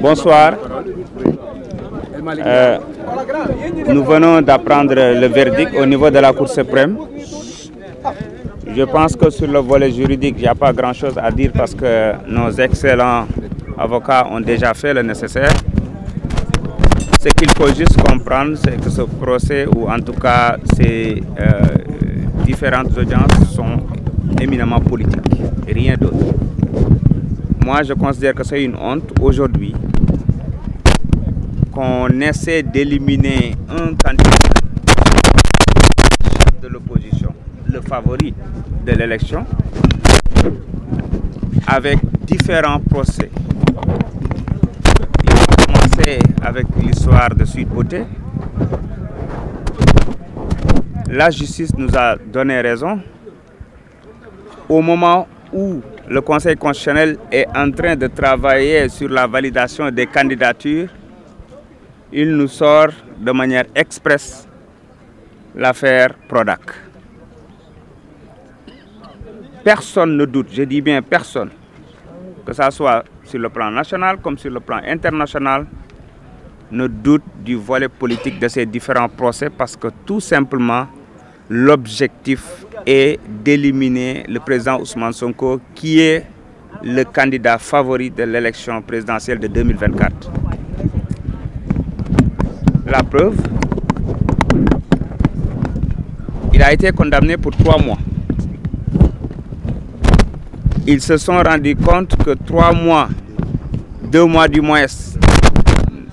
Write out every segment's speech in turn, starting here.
Bonsoir. Euh, nous venons d'apprendre le verdict au niveau de la Cour suprême. Je pense que sur le volet juridique, il n'y a pas grand-chose à dire parce que nos excellents avocats ont déjà fait le nécessaire. Ce qu'il faut juste comprendre, c'est que ce procès, ou en tout cas ces euh, différentes audiences, sont éminemment politiques, rien d'autre. Moi, je considère que c'est une honte aujourd'hui qu'on essaie d'éliminer un candidat de l'opposition, le favori de l'élection, avec différents procès avec l'histoire de suite Beauté. La justice nous a donné raison au moment où le Conseil constitutionnel est en train de travailler sur la validation des candidatures, il nous sort de manière expresse l'affaire Prodac. Personne ne doute, je dis bien personne, que ce soit sur le plan national comme sur le plan international, ne doute du volet politique de ces différents procès parce que tout simplement, l'objectif est d'éliminer le président Ousmane Sonko qui est le candidat favori de l'élection présidentielle de 2024. La preuve, il a été condamné pour trois mois. Ils se sont rendus compte que trois mois, deux mois du moins,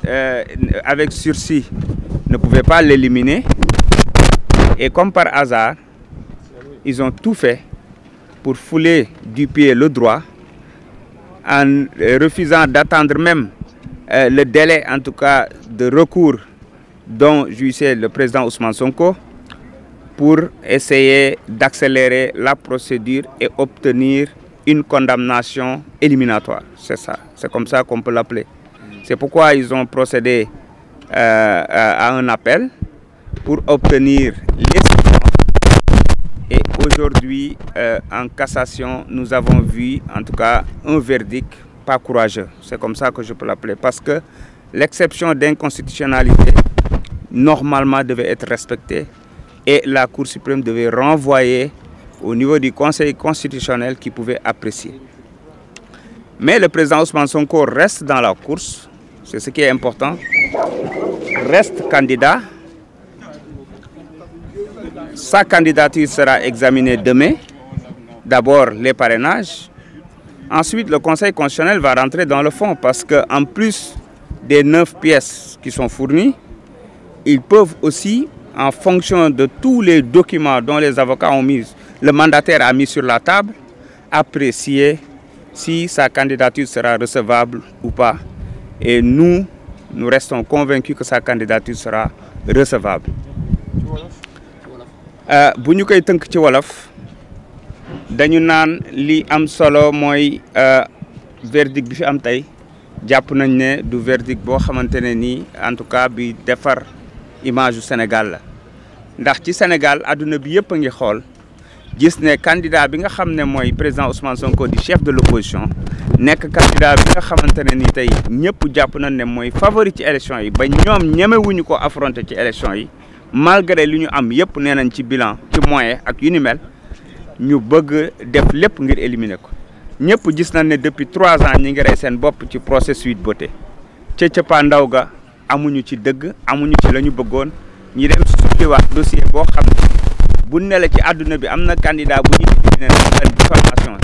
euh, avec sursis ne pouvait pas l'éliminer. Et comme par hasard, ils ont tout fait pour fouler du pied le droit en euh, refusant d'attendre même euh, le délai, en tout cas, de recours dont jouissait le président Ousmane Sonko pour essayer d'accélérer la procédure et obtenir une condamnation éliminatoire. C'est ça, c'est comme ça qu'on peut l'appeler. C'est pourquoi ils ont procédé euh, euh, à un appel pour obtenir l'exception. et aujourd'hui, euh, en cassation, nous avons vu en tout cas un verdict pas courageux. C'est comme ça que je peux l'appeler. Parce que l'exception d'inconstitutionnalité, normalement, devait être respectée. Et la Cour suprême devait renvoyer au niveau du Conseil constitutionnel qui pouvait apprécier. Mais le président Ousmane Sonko reste dans la course c'est ce qui est important, reste candidat. Sa candidature sera examinée demain. D'abord les parrainages. Ensuite, le Conseil constitutionnel va rentrer dans le fond parce qu'en plus des neuf pièces qui sont fournies, ils peuvent aussi, en fonction de tous les documents dont les avocats ont mis, le mandataire a mis sur la table, apprécier si sa candidature sera recevable ou pas. Et nous, nous restons convaincus que sa candidature sera recevable. Euh, bu ñu koy tënk ci wolof dañu naan li am solo euh, verdict bi fi am tey jàpp nañ ne du verdict boo xamante ne en tout cas bi defar image du Sénégal Dans ndax ci Sénégal àdduna bi yëpp a ngi xool gis ne candidat bi nga xam ne président Ousmane Sonko chef de l'opposition nekk candidat bi nga xamante ne ni tey ñëpp jàpp nañ ne mooy favori ci élection yi ba ñoom ñemewuñu ko affronter ci élection yi malgré li ñu am yëpp nee nañ ci bilan ci moyen ak yu ñu bëgg def lépp ngir éliminer ko ñëpp gis nañ ne depuis trois ans ñi ngi rey seen bopp ci processus Sweet Beauté ca cëppaa ndaw ga amuñu ci dëgg amuñu ci la ñu bëggoon ñi dem suuliwaat dossier boo xam ne bu ne ci àdduna bi am na candidat bu ñu éliminer ne diffamation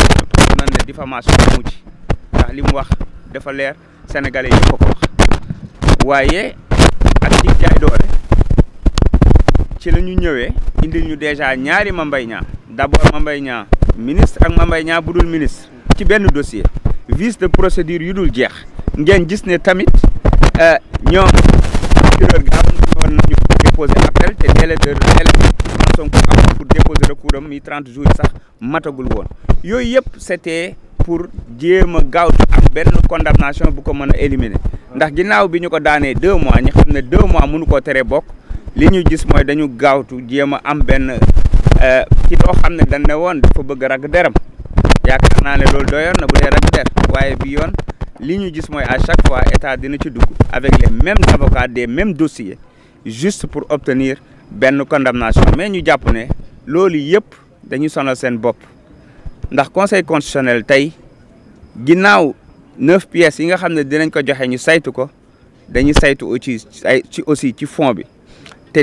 ne diffamation ndax li mu wax dafa leer sénégalais yi ko ko wax waaye ak ci jaay doole ci la ñu ñëwee indil ñu dèjà ñaari Mame Mbaye Niang d'abord Mame Mbaye ministre ak Mame Mbaye Niang bu dul ministre ci benn dossier vice de procédure yu dul jeex ngeen gis ne tamit euh, ñoom procureur gaaw nañu déposer appel te délai de délai Sonko am pour déposer recours am mi 30 jours sax matagul woon yooyu yëpp c'était pour djema gawtu am ben condamnation bu ko meuna éliminer ndax ginnaaw bi ñu ko daanee deux mois ñi xamné 2 mois mënu ko téré bok li ñu gis moy dañu gawtu djema am ben euh ci loo xamné ne dañ ne woon dafa bëgg rag deram yaakaar naa ne loolu doyoon na bu dee ragg der waaye bi yoon li ñu gis moy à chaque fois état dina ci dugg avec les mêmes avocats des mêmes dossiers juste pour obtenir ben condamnation mais ñu japp né loolu yëpp dañu sonal sen bop ndax conseil constitutionnel tey ginnaaw neuf pièces yi nga xam ne dinañ ko joxe ñu saytu ko dañu saytu aussi ci aussi ci fond bi te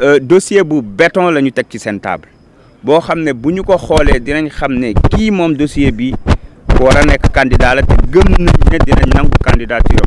euh, dossier bu beton la ñu teg ci seen boo xam ne bu ñu ko xoolee dinañ xam ne kii moom dossier bi war a nekk candidat la te gëm nañ ne dinañ nangu candidature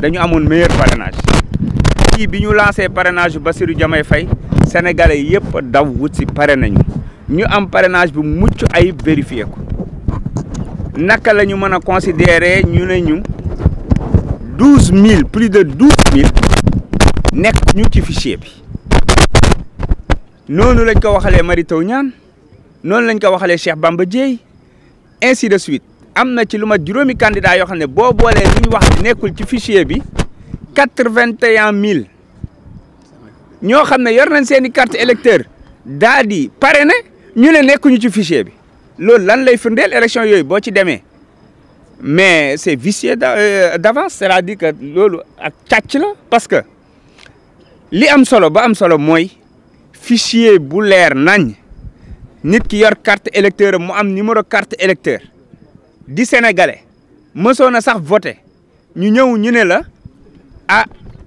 dañu amoon meilleur parrainage kii bi ñu lancé ba Bassirou Diomaye Faye sénégalais yëpp daw wut si parrainé ñu ñu am parenage bu mucc ay vérifié ko naka lañu mën a considérer ñu ne ñu douze mille plus de douze mille nekk ñu ci fichier bi noonu lañ ko waxalee Mary Teuw Niane noonu lañ ko waxalee Cheikh Bamba Dièye ainsi de suite amna ci luma mat candidat yo xamné ne li wax ci fichier bi ño yor carte électeur ont di ñu ont ci fichier bi ont lan lay élection mais c'est vicié euh, d'avance c'est-à-dire que ak parce que li am solo ba am solo moy fichier bu lèr nañ nit ki yor carte électeur mu numéro carte électeur di sénégalais mësoon a sax voté ñu ñëw ñu ne la ah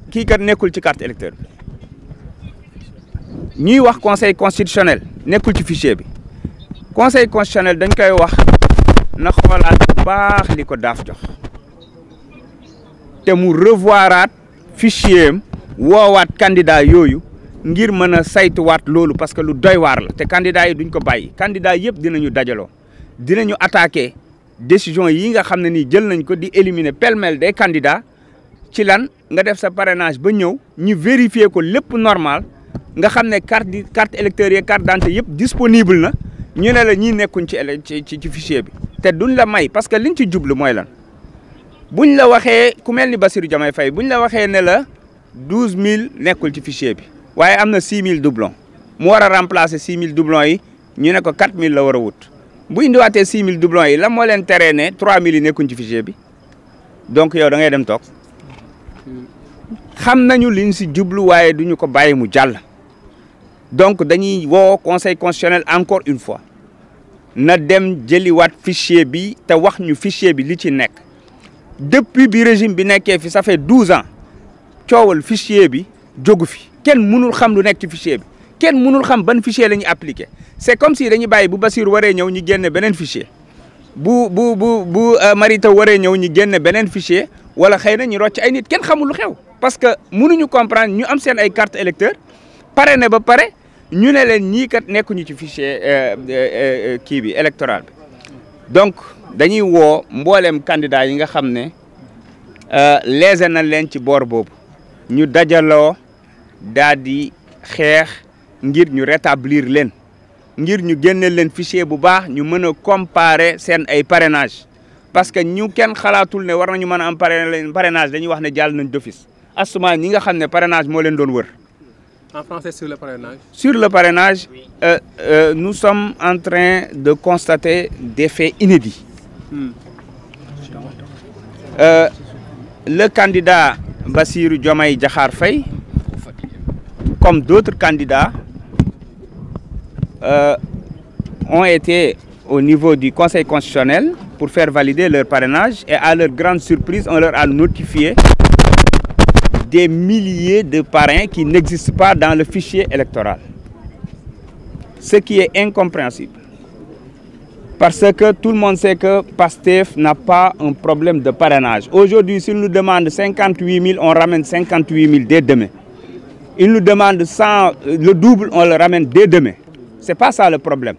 kii kat nekkul ci carte électeur bi ñuy wax conseil constitutionnel nekkul ci fichier bi conseil constitutionnel dañ koy wax na xoolaat bu baax li ko daaf jox te mu revoiraat fichier am woowaat candidat yooyu ngir mën a saytuwaat loolu parce que lu doy waar la te candidat yi duñ ko bàyyi candidat yëpp dinañu dajaloo dinañu attaqué La décision est pêle-mêle des candidats. Il faut vérifier que ce n'est pas normal. Il faut que les cartes électriques et les cartes d'anté disponibles soient disponibles. C'est ce que les veux dire. Si vous voulez savoir combien de personnes ont fait, si vous voulez 12 000 sont cultivés. Il y a 6 000 doublons. Si vous voulez remplacer 6 000 doublons, il y 4 000 euros bu avez 6 000 doublons vous la 3 000 yi ci fichier bi donc yow da ngay dem Nous xam nañu liñ si un waaye duñu ko bàyyi mu donc dañuy conseil constitutionnel encore une fois na dem un fichier bi te un fichier bi li ci nekk depuis le régime ça fait 12 ans coowal fichier bi jógu fi kenn un xam lu nekk ci fichier bi kenn mënul xam ban fichier la ñuy appliqué c'est comme si dañuy baye bu Basir waré ñew ñu génne benen fichier bu bu bu bu euh, Marita waré ñew ñu génne benen fichier wala xeyna ñu rocc ay nit kenn xamul lu xew parce que mënu ñu comprendre ñu am seen ay carte électeur pare ne ba paré ñu ne leen ñii kat nekkuñu ci fichier euh, euh, ki bi électoral bi donc dañuy wo mbollem candidat yi nga xamné euh léese nañ leen ci bor boobu ñu dajalo daal xex ngir ñu rétablir leen nous ñu des leen fichier bu baax ñu mën comparer seen ay parrainage parce que nous kenn xalaatul ne war nañu mën a am parrainage dañuy wax ne jàll nañ d'office asuma ñi nga xam parrainage leen doon en français sur le parrainage. sur le parrainage euh, euh, nous sommes en train de constater des faits inédits. Hmm. Euh, le candidat Bassirou Diomaye Diakhar Faye comme d'autres candidats euh, ont été au niveau du Conseil constitutionnel pour faire valider leur parrainage et à leur grande surprise, on leur a notifié des milliers de parrains qui n'existent pas dans le fichier électoral. Ce qui est incompréhensible. Parce que tout le monde sait que PASTEF n'a pas un problème de parrainage. Aujourd'hui, s'ils nous demandent 58 000, on ramène 58 000 dès demain. ils nous demandent le double, on le ramène dès demain n'est pas ça le problème.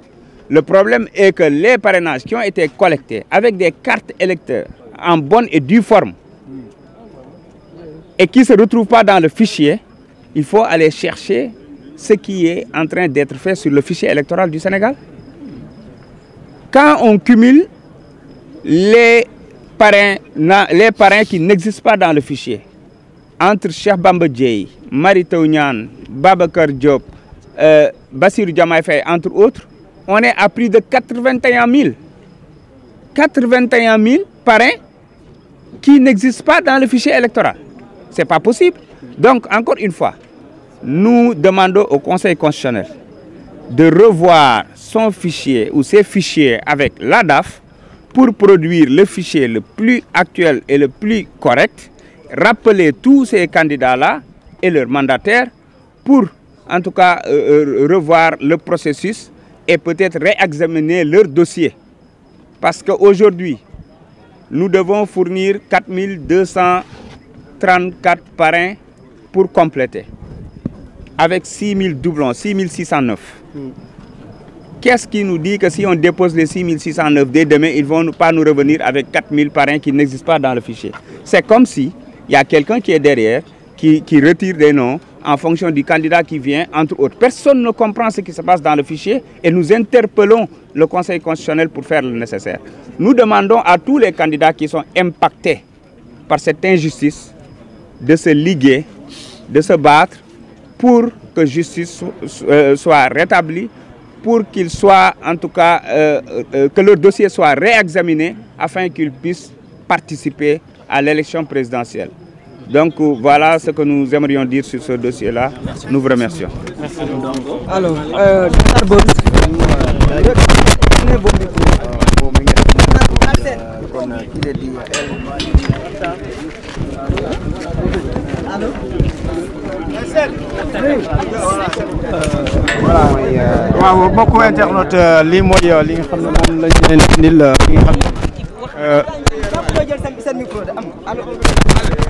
Le problème est que les parrainages qui ont été collectés avec des cartes électeurs en bonne et due forme et qui ne se retrouvent pas dans le fichier, il faut aller chercher ce qui est en train d'être fait sur le fichier électoral du Sénégal. Quand on cumule les parrains, qui n'existent pas dans le fichier, entre Cheikh Bamba Djei, Marie Babakar Diop, euh, Bassirou entre autres, on est à plus de 81 000. 81 000 parrains qui n'existent pas dans le fichier électoral. Ce n'est pas possible. Donc, encore une fois, nous demandons au Conseil constitutionnel de revoir son fichier ou ses fichiers avec l'ADAF pour produire le fichier le plus actuel et le plus correct, rappeler tous ces candidats-là et leurs mandataires pour en tout cas euh, euh, revoir le processus et peut-être réexaminer leur dossier. Parce qu'aujourd'hui, nous devons fournir 4234 parrains pour compléter, avec 6000 doublons, 6609. Qu'est-ce qui nous dit que si on dépose les 6609 dès demain, ils ne vont pas nous revenir avec 4000 parrains qui n'existent pas dans le fichier C'est comme si il y a quelqu'un qui est derrière, qui retire des noms, en fonction du candidat qui vient, entre autres. Personne ne comprend ce qui se passe dans le fichier et nous interpellons le Conseil constitutionnel pour faire le nécessaire. Nous demandons à tous les candidats qui sont impactés par cette injustice de se liguer, de se battre pour que justice euh, soit rétablie, pour qu'il soit en tout cas, euh, euh, que leur dossier soit réexaminé afin qu'ils puissent participer à l'élection présidentielle. Donc voilà ce que nous aimerions dire sur ce dossier-là. Nous vous remercions. Merci. Alors, euh,